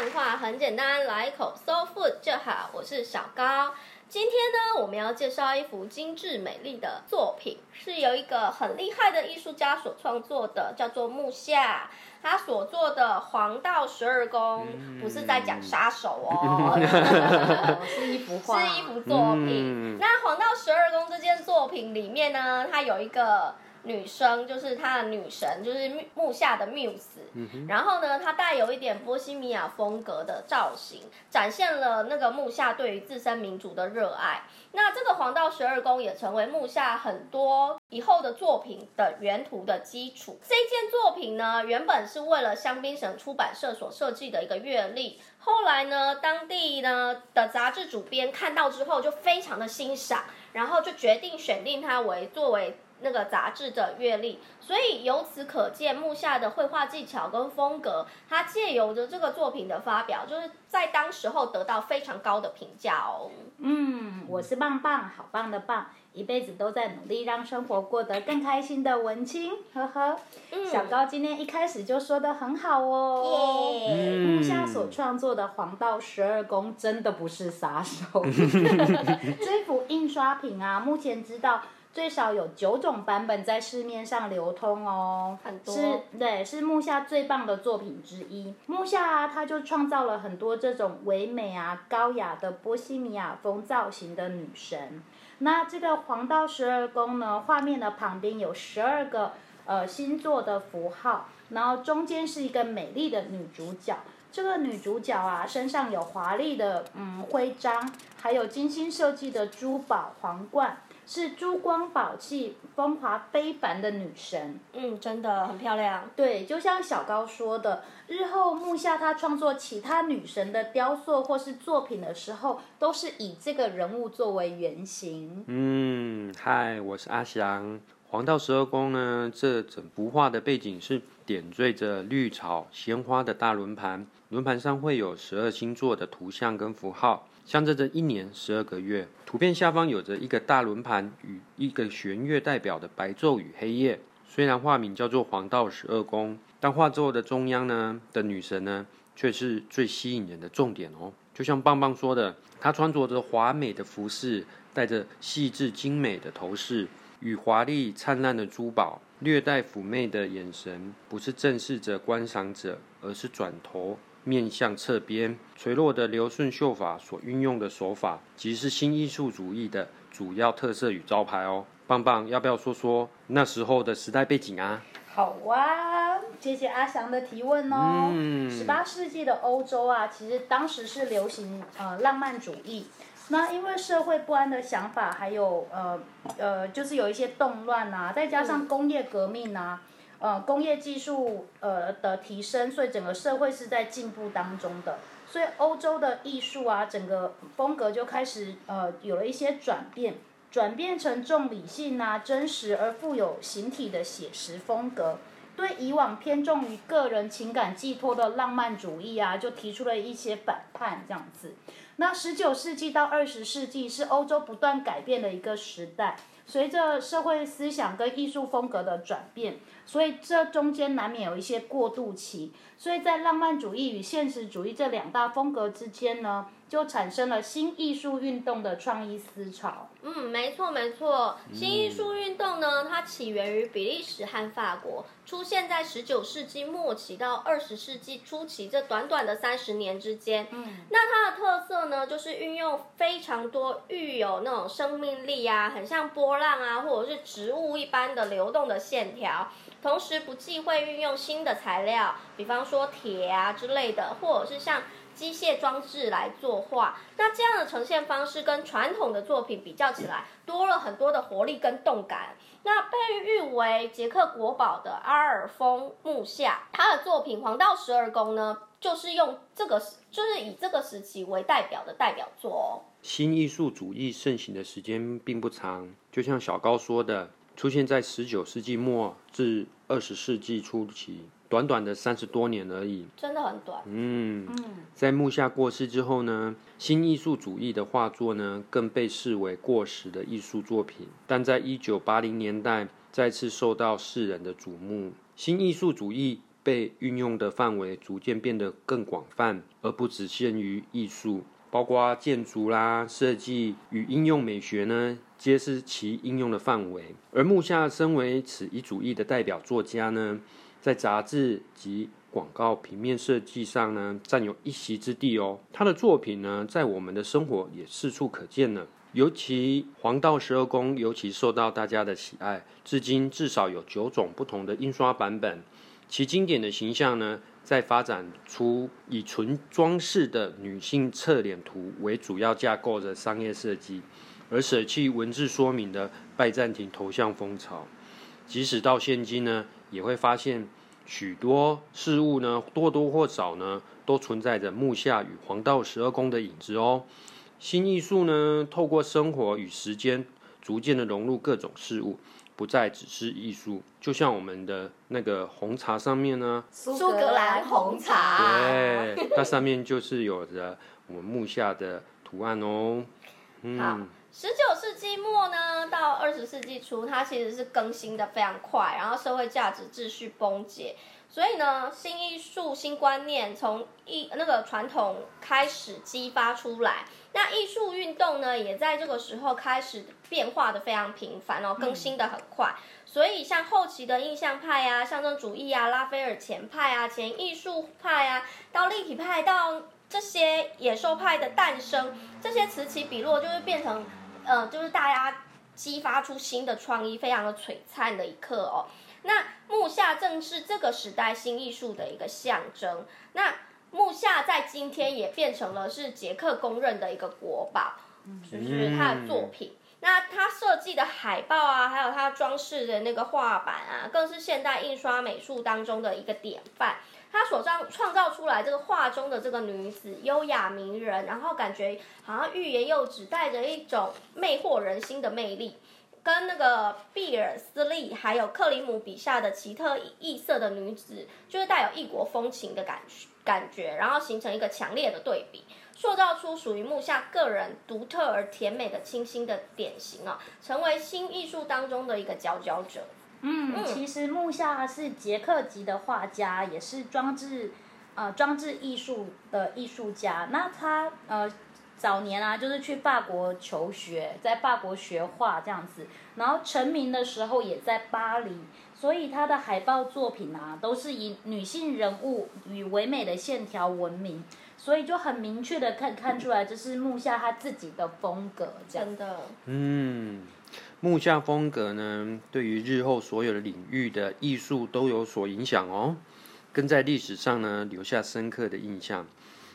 看畫很簡單，來一口 soul food 就好。我是小高，今天呢，我們要介紹一幅精致美麗的作品，是由一個很厲害的藝術家所創作的，叫做慕夏。他所做的《黃道十二宮》不是在講殺手哦，是一幅畫， 是一幅作品。那《黃道十二宮》這件作品裡面呢，它有一個。女生就是她的女神，就是慕夏的 muse、嗯哼。然後呢，她帶有一點波西米亞風格的造型，展現了那個慕夏對於自身民族的熱愛。那這個黃道十二宮也成為慕夏很多以後的作品的原圖的基礎。這一件作品呢，原本是為了香檳城出版社所設計的一個月曆，後來呢，當地呢的雜誌主編看到之後就非常的欣賞，然後就決定選定它為作為。那個雜誌的閱歷，所以由此可見慕夏的繪畫技巧跟風格，他借由着這個作品的發表，就是在當時候得到非常高的評價哦。嗯，我是棒棒，好棒的棒，一輩子都在努力讓生活過得更開心的文青，呵呵。嗯、小高今天一開始就說得很好哦。Yeah. 嗯、慕夏所創作的黃道十二宮真的不是殺手。這幅 印刷品啊，目前知道，最少有九種版本在市面上流通哦，很多。是，對，是慕夏最棒的作品之一。慕夏啊，他就創造了很多這種唯美啊、高雅的波西米亞風造型的女神。那這個黃道十二宮呢，畫面的旁邊有十二個呃星座的符號，然後中間是一個美麗的女主角。這個女主角啊，身上有華麗的嗯徽章，還有精心設計的珠寶皇冠，是珠光寶氣、風華非凡的女神。嗯，真的很漂亮。對，就像小高說的，日後慕夏他創作其他女神的雕塑或是作品的時候，都是以這個人物作為原型。嗯，嗨，我是阿翔。黃道十二宮呢，這整幅畫的背景是點綴着綠草、鮮花的大輪盤，輪盤上會有十二星座的圖像跟符號。像象徵著一年十二個月，圖片下方有着一個大輪盤與一個弦月代表的白晝與黑夜。雖然畫名叫做黃道十二宮，但畫作的中央呢的女神呢，卻是最吸引人的重點哦。就像棒棒說的，她穿着着華美的服飾，帶着細緻精美的頭飾與華麗燦爛的珠寶，略帶嫵媚的眼神，不是正視着觀賞者，而是轉頭。面向側邊垂落的流順秀髮所運用的手法，即是新藝術主義的主要特色與招牌哦。棒棒，要不要說說那時候的時代背景啊？好哇、啊，謝謝阿祥的提問哦。十八、嗯、世紀的歐洲啊，其實當時是流行呃浪漫主義，那因為社會不安的想法，還有呃呃，就是有一些動亂啊，再加上工業革命啊。嗯呃，工業技術呃的提升，所以整個社會是在進步當中的。所以歐洲的藝術啊，整個風格就開始呃有了一些轉變，轉變成重理性啊、真實而富有形體的寫實風格，對以往偏重於個人情感寄託的浪漫主義啊，就提出了一些反叛這樣子。那十九世紀到二十世紀是歐洲不斷改變的一個時代。隨着社會思想跟藝術風格的轉變，所以這中間難免有一些過渡期。所以在浪漫主義與現實主義這兩大風格之間呢，就產生了新藝術運動的創意思潮。嗯，沒錯，沒錯。新藝術運動呢，它起源於比利時和法國，出現在十九世紀末期到二十世紀初期這短短的三十年之間。嗯，那它的特色呢，就是運用非常多，具有那種生命力啊，很像波浪啊，或者是植物一般的流動的線條，同時不忌諱運用新的材料，比方說鐵啊之類的，或者是像，機械裝置來作畫，那這樣的呈現方式跟傳統的作品比較起來，多了很多的活力跟動感。那被譽為捷克國寶的阿爾豐慕夏，他的作品《黃道十二宮》呢，就是用這個時，就是以這個時期為代表的代表作哦。新藝術主義盛行的時間並不長，就像小高說的。出現在十九世紀末至二十世紀初期，短短的三十多年而已，真的很短。嗯，在慕夏過世之後呢，新藝術主義的畫作呢，更被視為過時的藝術作品。但在一九八零年代再次受到世人的矚目，新藝術主義被運用的範圍逐漸變得更廣泛，而不只限於藝術。包括建築啦、設計與應用美學呢，皆是其應用的範圍。而慕夏身為此一主義的代表作家呢，在雜誌及廣告平面設計上呢，佔有一席之地哦。他的作品呢，在我們的生活也四處可見呢。尤其黃道十二宮尤其受到大家的喜愛，至今至少有九種不同的印刷版本。其經典的形象呢，再發展出以純裝飾的女性側臉圖為主要架構的商業設計，而捨棄文字說明的拜占庭頭像風潮。即使到現今呢，也會發現許多事物呢，或多或少呢，都存在着慕夏與黃道十二宮的影子哦。新藝術呢，透過生活與時間，逐漸的融入各種事物。不再只是藝術，就像我們的那個紅茶上面呢、啊，蘇格蘭紅茶，對，那 上面就是有着我們慕夏的圖案哦。嗯、好，十九世紀末呢，到二十世紀初，它其實是更新的非常快，然後社會價值秩序崩解。所以呢，新藝術、新觀念從藝那個傳統開始激發出來，那藝術運動呢，也在這個時候開始變化得非常頻繁哦，更新得很快。所以像後期的印象派啊、象徵主義啊、拉斐爾前派啊、前藝術派啊，到立體派，到這些野獸派的誕生，這些此起彼落，就是變成，呃，就是大家激發出新的創意，非常的璀璨的一刻哦。那慕夏正是這個時代新藝術的一個象徵。那慕夏在今天也變成了是捷克公認的一個國寶，就是他的作品。那他設計的海報啊，還有他裝飾的那個畫板啊，更是現代印刷美術當中的一個典範。他所創造出來這個畫中的這個女子，優雅迷人，然後感覺好像欲言又止，帶着一種魅惑人心的魅力。跟那個碧爾斯利還有克里姆筆下的奇特異色的女子，就是帶有異國風情的感覺感覺，然後形成一個強烈的對比，塑造出屬於慕夏個人獨特而甜美的、清新的典型啊、哦，成為新藝術當中的一個佼佼者。嗯，嗯其實慕夏是捷克籍的畫家，也是裝置啊、呃、裝置藝術的藝術家。那他呃。早年啊，就是去法國求學，在法國學畫這樣子，然後成名的時候也在巴黎，所以他的海報作品啊，都是以女性人物與唯美的線條聞名，所以就很明確的可以看出來，這是慕夏他自己的風格這樣子。真的。嗯，慕夏風格呢，對於日後所有的領域的藝術都有所影響哦，跟在歷史上呢留下深刻的印象。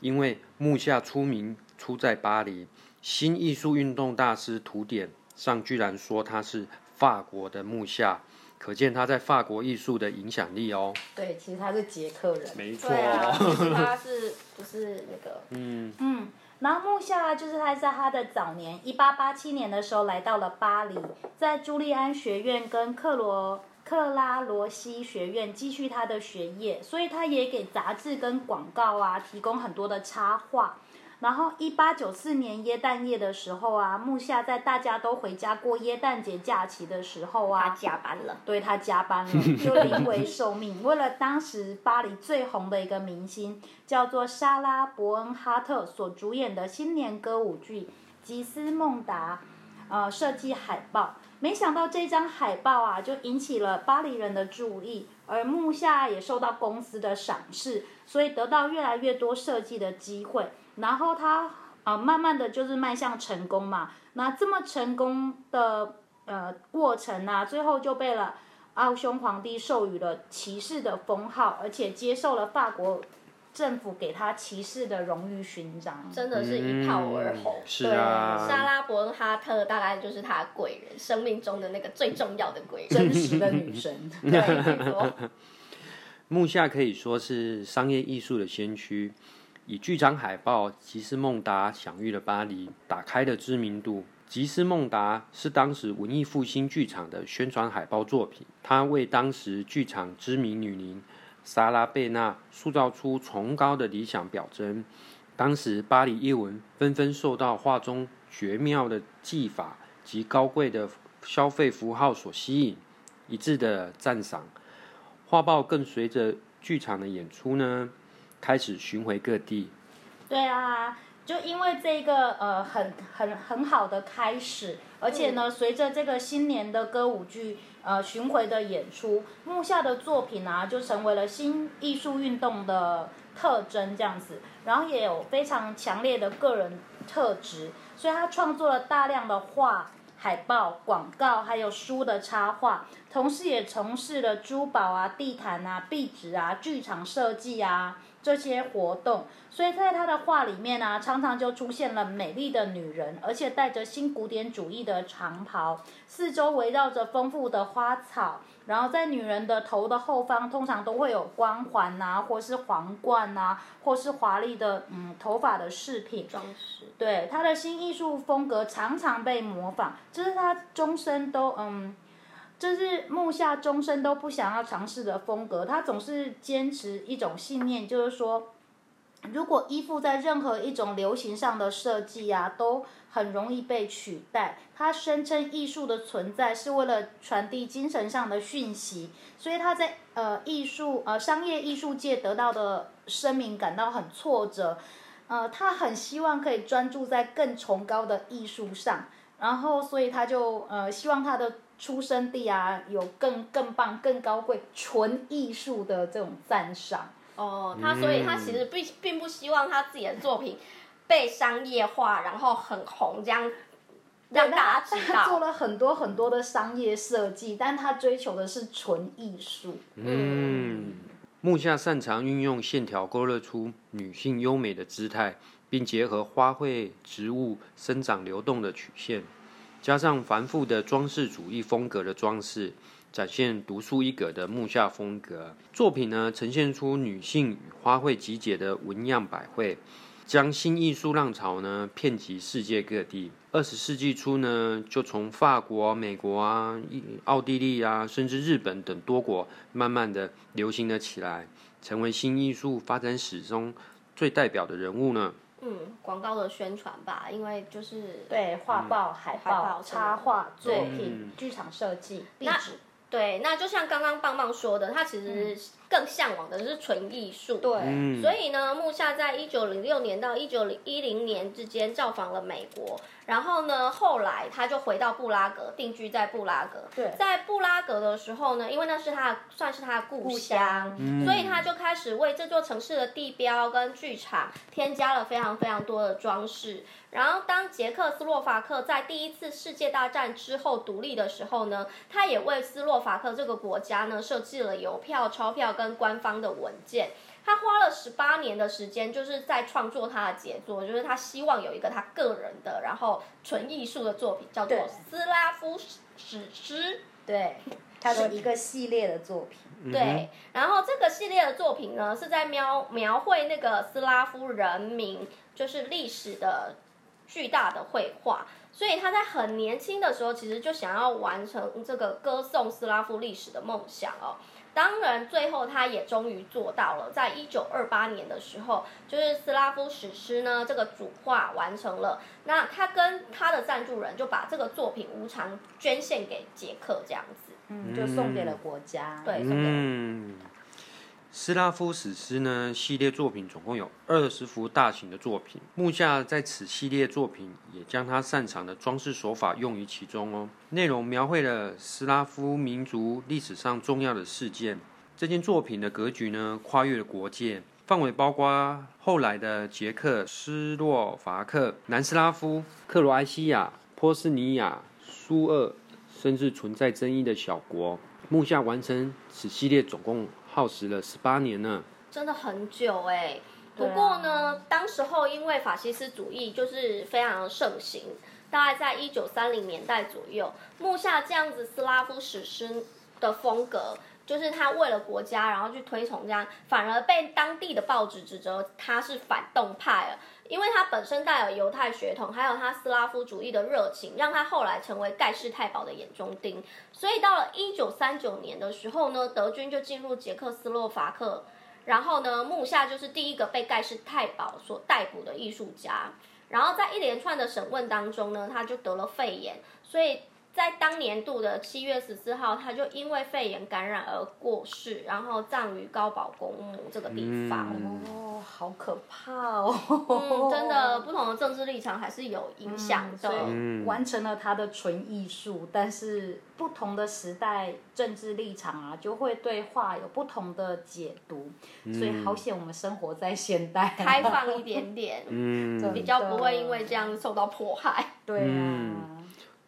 因為穆夏出名出在巴黎，新藝術運動大師圖典上居然說他是法國的穆夏，可見他在法國藝術的影響力哦。對，其實他是捷克人，沒錯、啊就是、他是不是那個？ 嗯嗯，然後穆夏就是他在他的早年，一八八七年的時候來到了巴黎，在朱利安學院跟克羅克拉羅西學院繼續他的學業，所以他也給雜誌跟廣告啊提供很多的插畫。然後一八九四年耶誕夜的時候啊，慕夏在大家都回家過耶誕節假期的時候啊，他加班了。對，他加班了，就臨危受命， 為了當時巴黎最紅的一個明星，叫做莎拉伯恩哈特所主演的新年歌舞劇吉絲夢妲，呃，設計海報。沒想到這張海報啊，就引起了巴黎人的注意，而慕夏也受到公司的賞識，所以得到越來越多設計的機會，然後他啊、呃，慢慢的就是邁向成功嘛。那這麼成功的呃過程呢、啊，最後就被了奧匈皇帝授予了騎士的封號，而且接受了法國。政府給他騎士的榮譽勳章，真的是一炮而紅。嗯、對，是啊、莎拉伯哈特大概就是他的貴人，生命中的那個最重要的貴人，真實的女神。 對。 對慕夏可以說是商業藝術的先驅，以劇場海報《吉絲夢妲》享譽了巴黎，打開了知名度。《吉絲夢妲》是當時文藝復興劇場的宣傳海報作品，他為當時劇場知名女伶，莎拉貝納塑造出崇高的理想表徵，當時巴黎藝文紛紛受到畫中絕妙的技法及高貴的消費符號所吸引，一致的讚賞。畫報更隨着劇場的演出呢，開始巡回各地。對啊，就因為這個呃很很很好的開始，而且呢，嗯、隨着這個新年的歌舞劇。呃，巡迴的演出，慕夏的作品啊，就成為了新藝術運動的特徵這樣子。然後也有非常強烈的個人特質，所以他創作了大量的畫、海報、廣告，還有書的插畫，同時也從事了珠寶啊、地毯啊、壁紙啊、劇場設計啊。這些活動，所以在他的畫裡面呢、啊，常常就出現了美麗的女人，而且帶着新古典主義的長袍，四周圍繞着豐富的花草，然後在女人的頭的後方，通常都會有光環啊，或是皇冠啊，或是華麗的嗯頭髮的飾品裝飾。對，他的新藝術風格常常被模仿，就是他終身都嗯。這是慕夏終生，都不想要嘗試的風格。他總是堅持一種信念，就是說，如果依附在任何一種流行上的設計啊，都很容易被取代。他聲稱藝術的存在是為了傳遞精神上的訊息，所以他在呃藝術呃商業藝術界得到的聲名感到很挫折。呃，他很希望可以專注在更崇高的藝術上，然後所以他就呃希望他的。出生地啊，有更更棒、更高貴、純藝術的這種讚賞。哦，他所以、嗯、他其實並並不希望他自己的作品被商業化，然後很紅這樣，讓大家知道。做了很多很多的商業設計，但他追求的是純藝術。嗯，慕夏擅長運用線條勾勒出女性優美的姿態，並結合花卉植物生長流動的曲線。加上繁複的裝飾主義風格的裝飾，展現獨樹一格的慕夏風格作品呢，呈現出女性與花卉集結的紋樣百匯，將新藝術浪潮呢遍及世界各地。二十世紀初呢，就從法國、美國啊、奧地利啊，甚至日本等多國，慢慢的流行了起來，成為新藝術發展史中最代表的人物呢，嗯，廣告的宣傳吧，因為就是對畫報、嗯、海報、插畫作品、劇場設計、那壁紙紙，對，那就像剛剛棒棒說的，他其實，嗯更嚮往的是純藝術，對，嗯、所以呢，慕夏在一九零六年到一九一零年之間造訪了美國，然後呢，後來他就回到布拉格定居在布拉格。對，在布拉格的時候呢，因為那是他算是他的故鄉，故鄉，所以他就開始為這座城市的地標跟劇場添加了非常非常多的裝飾。然後，當捷克斯洛伐克在第一次世界大戰之後獨立的時候呢，他也為斯洛伐克這個國家呢設計了郵票、鈔票。跟官方的文件，他花了十八年的時間，就是在創作他的傑作，就是他希望有一個他個人的、然後純藝術的作品，叫做《斯拉夫史詩》，對，史。對，他是，是一個系列的作品。嗯哼。對，然後這個系列的作品呢，是在描描繪那個斯拉夫人民就是歷史的巨大的繪畫，所以他在很年輕的時候，其實就想要完成這個歌頌斯拉夫歷史的夢想哦。當然，最後他也終於做到了。在一九二八年的時候，就是《斯拉夫史詩》呢，這個主畫完成了，那他跟他的贊助人就把這個作品無償捐獻給捷克，這樣子，嗯、就送給了國家。嗯、對，送嗯。斯拉夫史詩呢系列作品總共有二十幅大型的作品。穆夏在此系列作品也將他擅長的裝飾手法用於其中哦。內容描繪了斯拉夫民族歷史上重要的事件。這件作品的格局呢跨越了國界，範圍包括後來的捷克斯洛伐克、南斯拉夫、克羅埃西亞、波斯尼亞、蘇俄，甚至存在爭議的小國。穆夏完成此系列總共。耗時了十八年呢，真的很久哎、欸。不過呢，啊、當時候因為法西斯主義就是非常的盛行，大概在一九三零年代左右，慕夏這樣子斯拉夫史詩的風格。就是他為了國家，然後去推崇這樣，反而被當地的報紙指責他是反動派了。因為他本身帶有猶太血統，還有他斯拉夫主義的熱情，讓他後來成為蓋世太保的眼中釘。所以到了一九三九年的時候呢，德軍就進入捷克斯洛伐克，然後呢，慕夏就是第一個被蓋世太保所逮捕的藝術家。然後在一連串的審問當中呢，他就得了肺炎，所以。在當年度的七月十四號，他就因為肺炎感染而過世，然後葬於高保公墓這個地方、嗯。哦，好可怕哦、嗯！真的，不同的政治立場還是有影響的、嗯以嗯。完成了他的純藝術，但是不同的時代政治立場啊，就會對畫有不同的解讀。嗯、所以好險我們生活在現代、哦，開放一點點，嗯，比較不會因為這樣受到迫害。嗯、 對啊。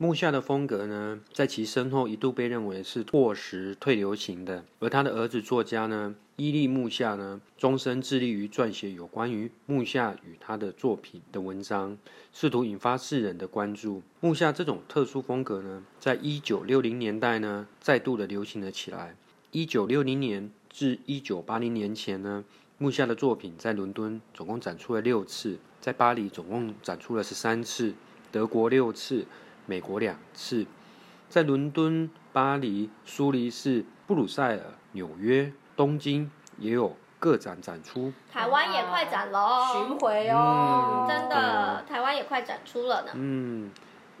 慕夏的風格呢，在其身後一度被認為是過時、退流行的。而他的兒子作家呢，伊利·慕夏呢，終身致力於撰寫有關於慕夏與他的作品的文章，試圖引發世人的關注。慕夏這種特殊風格呢，在一九六零年代呢，再度的流行了起來。一九六零年至一九八零年前呢，慕夏的作品在倫敦總共展出了六次，在巴黎總共展出了十三次，德國六次。美國兩次，在倫敦、巴黎、蘇黎世、布魯塞爾、紐約、東京也有各展展出。台灣也快展了循、哦、巡迴哦，嗯、真的，啊、台灣也快展出了呢。嗯，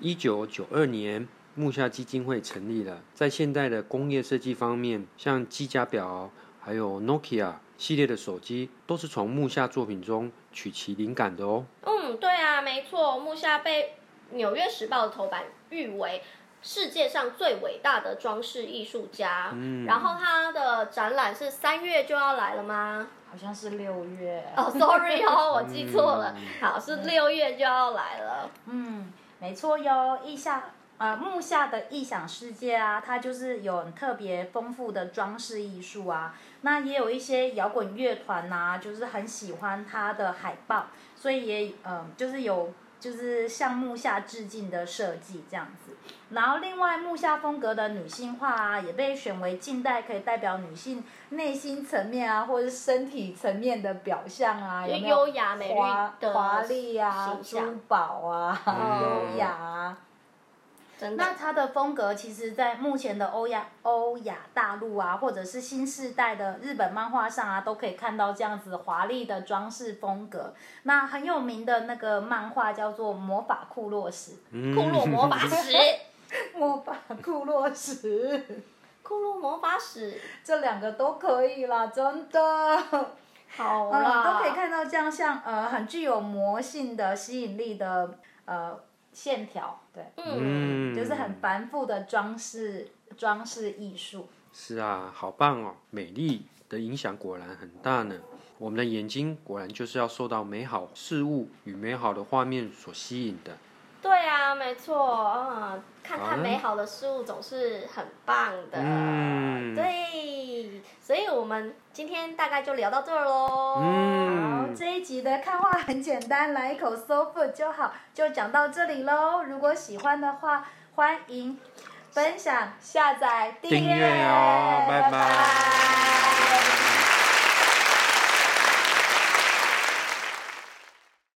一九九二年，慕夏基金會成立了。在現代的工業設計方面，像機甲表，還有 Nokia、ok、系列的手機，都是從慕夏作品中取其靈感的哦。嗯，對啊，沒錯，慕夏被。紐約時報的頭版譽為世界上最偉大的裝飾藝術家。嗯，然後他的展覽是三月就要來了嗎？好像是六月。哦、oh,，sorry 哦，我記錯了。嗯、好，是六月就要來了。嗯，沒錯喲。意下、呃、木下的異想世界啊，它就是有特別豐富的裝飾藝術啊。那也有一些搖滾樂團吶、啊，就是很喜歡他的海報，所以也嗯、呃，就是有。就是向慕夏致敬的設計這樣子，然後另外慕夏風格的女性化啊，也被選為近代可以代表女性內心層面啊，或是身體層面的表象啊，有沒有？華華麗啊，珠寶啊，優雅。 那它的風格，其實，在目前的歐亞歐亞大陸啊，或者是新世代的日本漫畫上啊，都可以看到這樣子華麗的裝飾風格。那很有名的那個漫畫叫做《魔法庫洛史》，嗯、庫洛魔法史， 魔法庫洛史， 庫洛魔法史， 這兩個都可以啦，真的， 好啦、嗯，都可以看到這樣像呃，很具有魔性的吸引力的呃。線條，對，嗯，就是很繁複的裝飾，裝飾藝術。是啊，好棒哦！美麗的影響果然很大呢。我們的眼睛果然就是要受到美好事物與美好的畫面所吸引的。對啊，沒錯，啊，看看美好的事物總是很棒的。嗯，啊，對。所以，我們今天大概就聊到這兒嘍。嗯、好，這一集的看畫很簡單，來一口 Sofa 就好，就講到這裡咯。如果喜歡的話，歡迎分享、下載、訂閱，訂閱、哦、拜拜。拜拜。